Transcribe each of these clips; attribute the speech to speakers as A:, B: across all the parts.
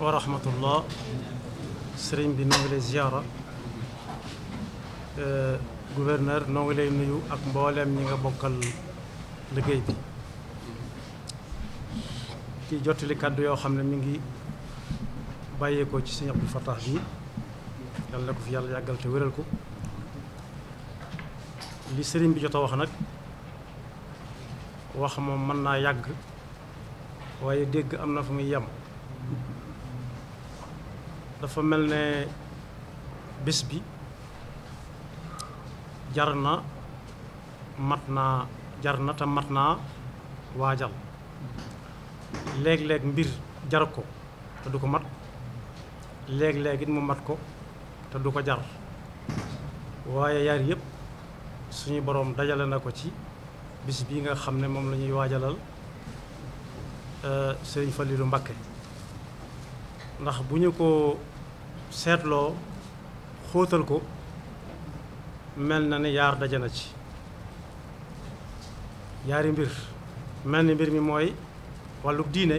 A: wa rahmatullah sëriñ bi noo ngi lay ziyaara euh, gouverneur noo ngi lay nuyu ak mbooleem ñi nga bokkal liggéey bi ci jottali kàddu yoo xam ne mu ngi bàyyeekoo ci sëñ Abdou Fatah bi yàlla ko fi yàlla yàggal te wéral ko li sëriñ bi jot a wax nag wax moom mën naa yàgg waaye dégg am na fu muy yem dafa mel ne bés bi jar na mat naa jar na te mat naa waajal léeg-léeg mbir jar ko te du ko mat léeg-léeg mu mat ko te du ko jar waaye yar yëpp suñu boroom dajale na ko ci bis bi nga xam ne moom la ñuy waajalal euh, Sëriñ Faliilu Mbàkke ndax bu ñu ko seetloo xóotal ko mel na ne yaar daje na ci yaari mbir mel ni mbir mi mooy wàllu diine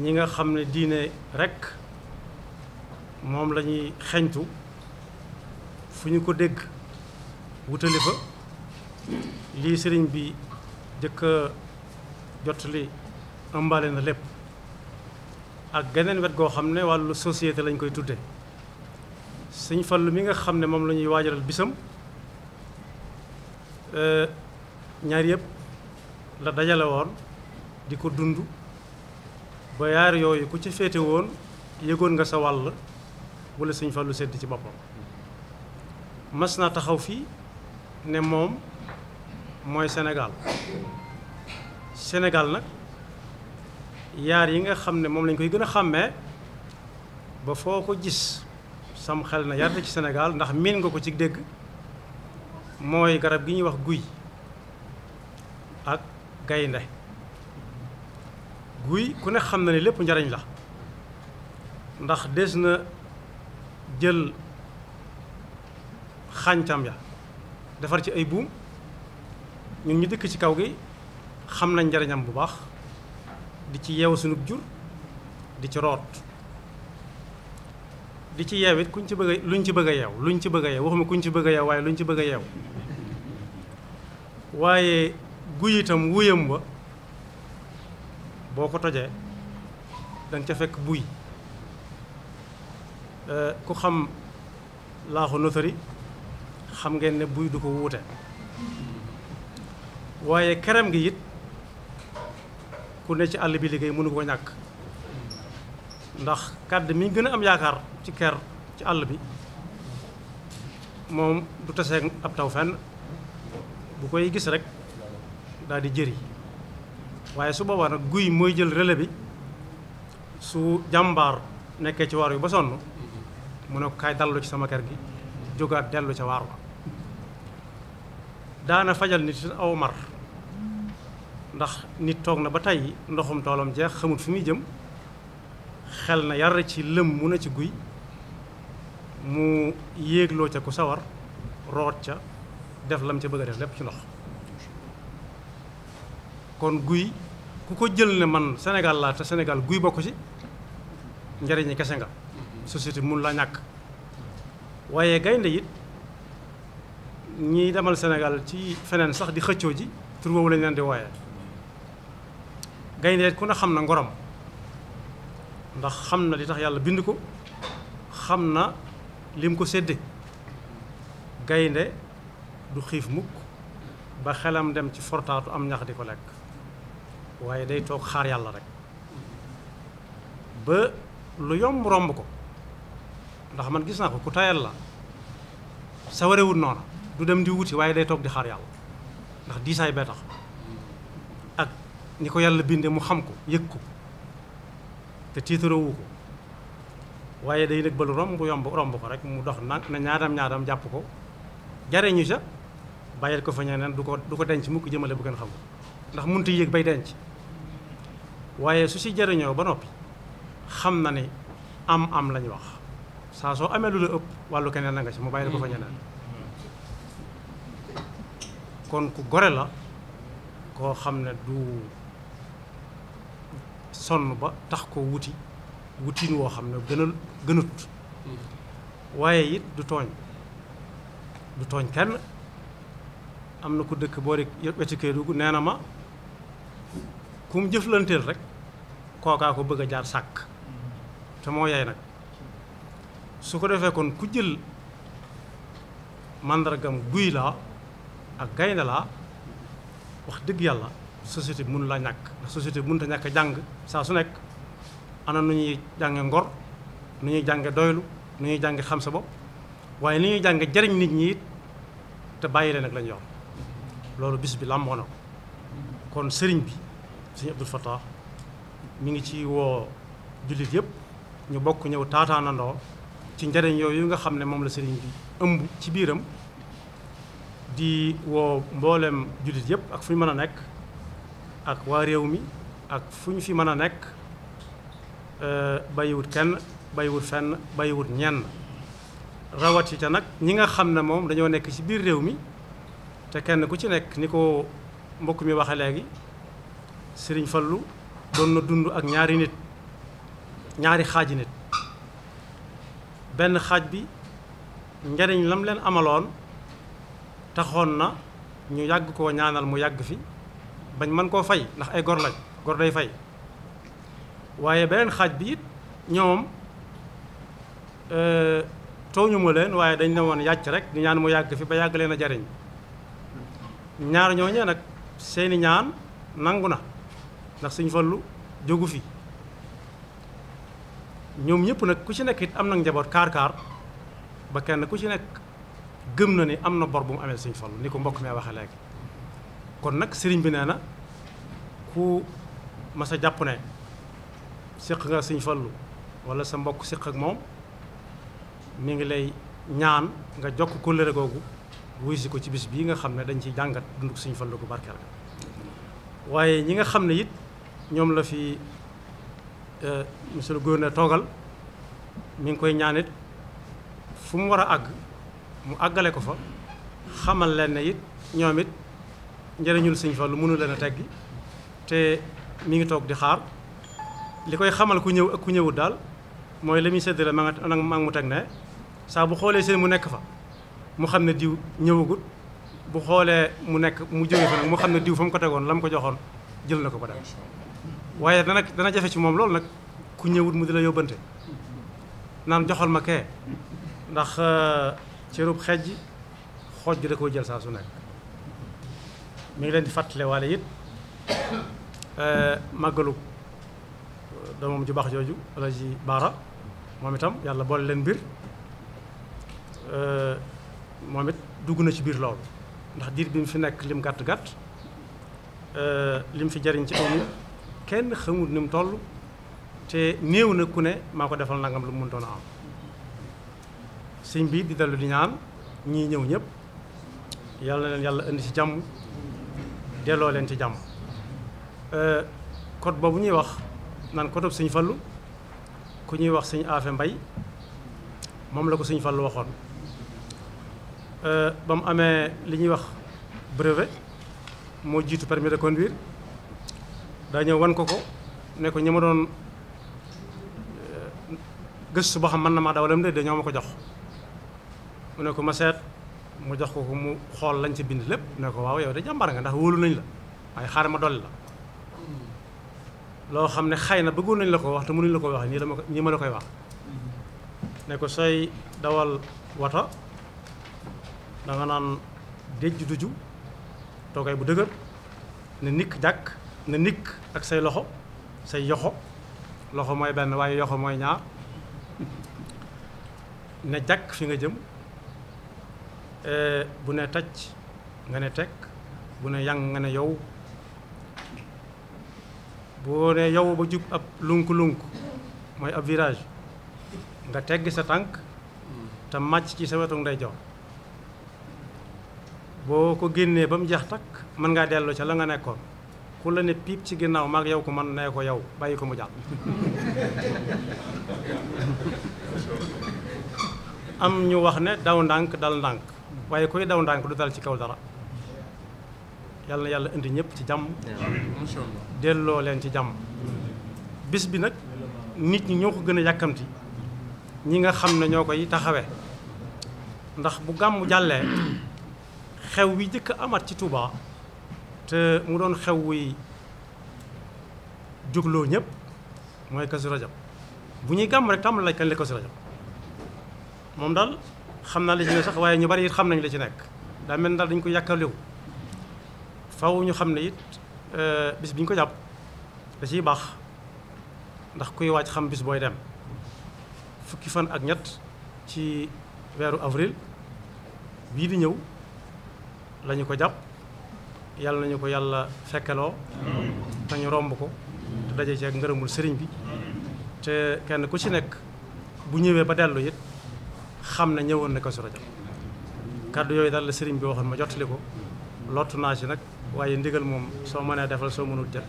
A: ñi nga xam ne diine rekk moom lañuy ñuy xeñtu fu ñu ko dégg wutali fa lii sëriñ bi jëkk a jot li na lépp ak geneen wet goo xam ne wàllu société lañ koy tudde sëñ Fallu mi nga xam ne moom la ñuy waajaral bisam e, ñaar yëpp la dajale woon di ko dund ba yaar yooyu ku ci féete woon yëgoon nga sa wàll wala sëñ Fallu sedd ci boppam mas naa taxaw fii ne moom mooy Sénégal Sénégal nag yaar yi nga xam ne moom lañ koy gën a xàmmee ba foo ko gis sam xel na yarta ci Sénégal ndax miin nga ko ci dégg mooy garab gi ñuy wax guy ak gaynde guy ku ne xam na ne lépp njariñ la ndax des na jël xàncam ya defar ci ay buum ñun ñu dëkk ci kaw gi xam nañ njariñam bu baax di ci yeewu sunub jur di ci root di ci yeew it kuñ ci bëgg luñ ci bëgg a yeew luñ ci bëgg a yeew waxuma kuñ ci bëgg a luñ ci bëgg a yeew waaye guy itam wuyam ba boo ko tojee da ca fekk buy eh, ku xam laaxu notari xam ngeen ne buy du ko wuute waaye kerem gi it ku ne ci àll bi liggéey mënu ko ñàkk ndax kàdd mi gën a am yaakaar ci ker ci àll bi moom du taseeg ab taw fenn bu koy gis rek daal di jëri waaye su boobaa nag guy mooy jël relais bi su jàmbaar nekkee ci waar yu ba sonn mu ne ko dallu ci sama ker gi jógaat dellu ca waar wa daana fajal nit aw mar ndax nit toog na ba tey ndoxum toolam jeex xamut fi muy jëm xel na yar ci lëm mu na ci guy mu yéegloo ca ku sawar root ca def lam ca bëgg def lépp ci ndox kon guy ku ko jël ne man Sénégal laa te Sénégal guy bokk ci njariñi kese nga société mun la ñàkk waaye gaynde it ñiy demal Sénégal ci feneen sax di xëccoo ji tur boobu lañ leen di wooyee gaynde ku ne xam na ngorom ndax xam na li tax yàlla bind ko xam na lim ko sédde gaynde du xiif mukk ba xelam dem ci fortaatu am ñax di ko lekk waaye day toog xaar yàlla rek ba lu yomb romb ko ndax man gis naa ko ku tayal la sa warewut du dem di wuti waaye day toog di xaar yàlla ndax diisaay bee tax ni ko yàlla binde mu xam ko yëg ko te tiitarowu ko waaye day nag ba lu romb romb ko rek mu dox na na ñaadam ñaadam jàpp ko jariñu sa bàyyil ko fa ñeneen du ko du ko denc mukk jëmale bu gën xam ko ndax munti yëg bay denc waaye su si jariñoo ba noppi xam na ni am am lañu wax saa amee lu la ëpp wàllu keneen na nga mu bàyyil ko fa ñeneen kon ku gore la koo xam ne du sonn ba tax ko wuti wutin woo xam ne gënal gënut waaye it du tooñ du tooñ kenn am na ko dëkk boo rek wetu Kédougou nee na ma kum mu jëflanteel rek kookaa ko bëgg a jaar sàkk te moo yaay nag su ko defee kon ku jël màndargam guy laa ak gaynde laa wax dëgg yàlla société bi mënu laa ñàkk ndax société bi mënut a ñàkk jàng saa su nekk ana nu ñuy jànge ngor nu ñuy jànge doylu nu ñuy jànge xam sa bopp waaye ni ñuy jànge jariñ nit ñi it te bàyyi leen ak lañ yow loolu bis bi làmboo ko kon sëriñ bi sëriñ Abdou Fatah mu ngi ci woo jullit yëpp ñu bokk ñëw taataanandoo ci njariñ yooyu nga xam ne moom la sëriñ bi ëmb ci biiram di woo mbooleem jullit yëpp ak fu ñu mën a nekk ak waa réew mi ak fu ñu fi mën a nekk euh, bàyyiwut kenn bàyyiwut fenn bàyyiwut ñenn rawati ca nag ñi nga xam ne moom dañoo nekk ci biir réew mi te kenn ku ci nekk ni ko mbokk mi waxe léegi Sëriñ Fallu doon na dund ak ñaari nit ñaari xaaji nit benn xaaj bi njariñ lam leen amaloon taxoon na ñu yàgg koo ñaanal mu yàgg fi bañ mën koo fay ndax ay gor lañ gor day fay waaye beneen xaaj bi it ñoom euh, tooñu ma leen waaye dañ ne woon yàcc rek di ñaan mu yàgg fi ba yàgg leen a jariñ ñaar ñooñee nag seeni ñaan nangu na ndax suñ fallu jógu fi ñoom ñëpp nag ku ci nekk it am na njaboot kaar-kaar ba kenn ku ci nekk gëm na ni am na bor bu mu amee suñ fallu ni ko mbokk mee waxee léegi kon nag sëriñ bi nee na ku mas a jàpp ne séq nga sëñ Fallu wala sa mbokk séq ak moom mu ngi lay ñaan nga jokk kóllëre googu wuy si ko ci bis bi nga xam ne dañ ciy jàngat dund ko sëñ Fallu gu barkeel ga waaye ñi nga xam ne it ñoom la fi e, monsieur le gouverneur toogal mu ngi koy ñaan it fu mu war a àgg mu àggale ko fa xamal leen ne it ñoom it njëriñul sëñ Fallu mënu leen a teggi te mi ngi toog di xaar li koy xamal ku ñëw ak ku ñëwut daal mooy la muy séddale ma nga nag mu teg ne saa bu xoolee seen mu nekk fa mu xam ne diw ñëwagut bu xoolee mu nekk mu jógee fa nag mu xam ne diw fa mu ko tegoon la mu ko joxoon jël na ko ba dem waaye dana dana jafe ci moom loolu nag ku ñëwut mu di la yóbbante naan joxal ma kee ndax euh, cërub xejj xooj gi da koo jël saa su nekk mu ngi leen di fàttale waale it euh, màggalu doomam ju baax jooju wala ji baara moom itam yàlla boole leen mbir euh, moom it dugg na ci biir loolu ndax diir bi mu fi nekk lim gàtt gàtt euh, lim fi jariñ ci aw kenn xamul ni mu toll te néew na ku ne maa ko defal nangam lu mu mëntoon a am sëñ bi di dellu di ñaan ñii ñëw ñëpp yàlla na leen yàlla indi ci jàmm delloo leen ci jàmm euh, code boobu ñuy wax naan code sëñ fallu ku ñuy wax sëñ aafe mbay moom la ko sëñ fallu waxoon euh, ba mu amee li ñuy wax brevet moo jiitu permis de conduire daa ñëw wan ko ko ne ñi ma doon euh, gëstu boo xam man na maa dawalam de dañoo ma ko jox mu ne ko ma seet mu jox ko ko mu xool lañ ci bind lépp ne ko waaw yow de jàmbaar nga ndax wóolu nañ la waaye xaaral ma dolli la loo xam ne xëy na bëggoon nañ la ko wax te mënuñ la ko wax nii la ma nii ma la koy wax ne ko sooy dawal wata da naan déj du duju toogaay bu dëgër ne nikk jàkk ne nikk ak say loxo say yoxo loxo mooy benn waaye yoxo mooy ñaar ne jàkk fi nga jëm Eh, bu ne taj nga ne teg bu ne yang nga ne yow boo ne yow ba jub ab lunk-lunk mooy ab virage nga tegg sa tànk te màcc ci sa wetu ndeyjoor boo ko génnee ba mu jeex takk mën ngaa dellu ca la nga nekkoon ku la ne piip ci ginnaaw maag yow ko man ne ko yow bàyyi ko mu jàll am ñu wax ne daw ndànk dal ndànk waaye koy daw ndànk du dal ci kaw dara yàlla yàlla indi ñëpp ci jàmm delloo leen ci jàmm bis bi nag nit ñi ñoo ko gën a yàkkamti ñi nga xam ne ñoo koy taxawe ndax bu gàmmu jàllee xew wi jëkk amat ci Touba te mu doon xew wuy jógloo ñëpp mooy Kazu Rajab bu ñuy gàmm rek tàmbali lañ kañ la Kazu Rajab moom daal xam naa la ci waaye ñu bari xam nañ la ci nekk daa mel daal dañ ko yàkkaliw faw ñu xam ne it euh, bis bi ñu ko jàpp da ciy baax ndax kuy waaj xam bis booy dem fukki fan ak ñett ci weeru avril bii di ñëw lañu ko jàpp yàlla nañu ko yàlla fekkeloo dañu romb ko te daje ci ak ngërëmul sëriñ bi te kenn ku ci nekk bu ñëwee ba dellu it xam ne ñëwoon na Kazu Rajab kaddu yooyu daal la sëriñ bi waxoon ma jottali ko lottu naa ci nag waaye ndigal moom soo mënee defal soo mënul jël